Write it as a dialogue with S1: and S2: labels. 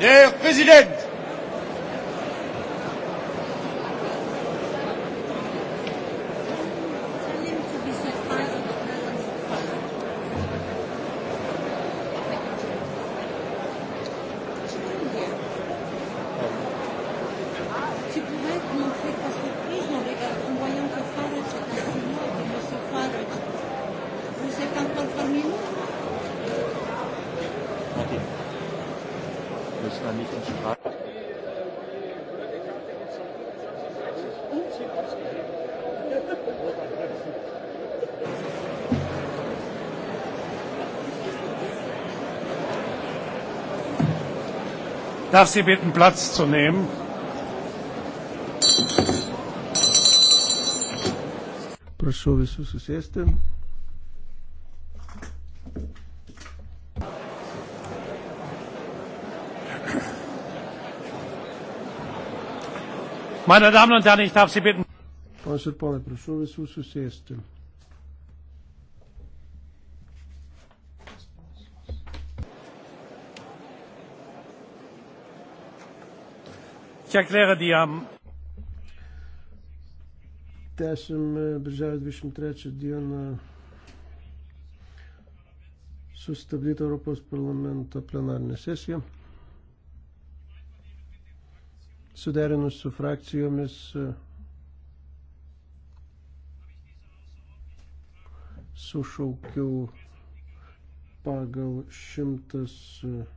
S1: Herr Präsident! müssen dann nicht in Streit. Darf Sie bitten, Platz zu nehmen? Prašau visus susėsti. Meine Damen und Herren, ich darf Sie bitten. Ponas ir ponai, prašau visų susėsti. Ich erkläre die am. Tęsime birželio 23 dieną sustabdytą Europos parlamento plenarinę sesiją suderinus su frakcijomis sušaukiau pagal 100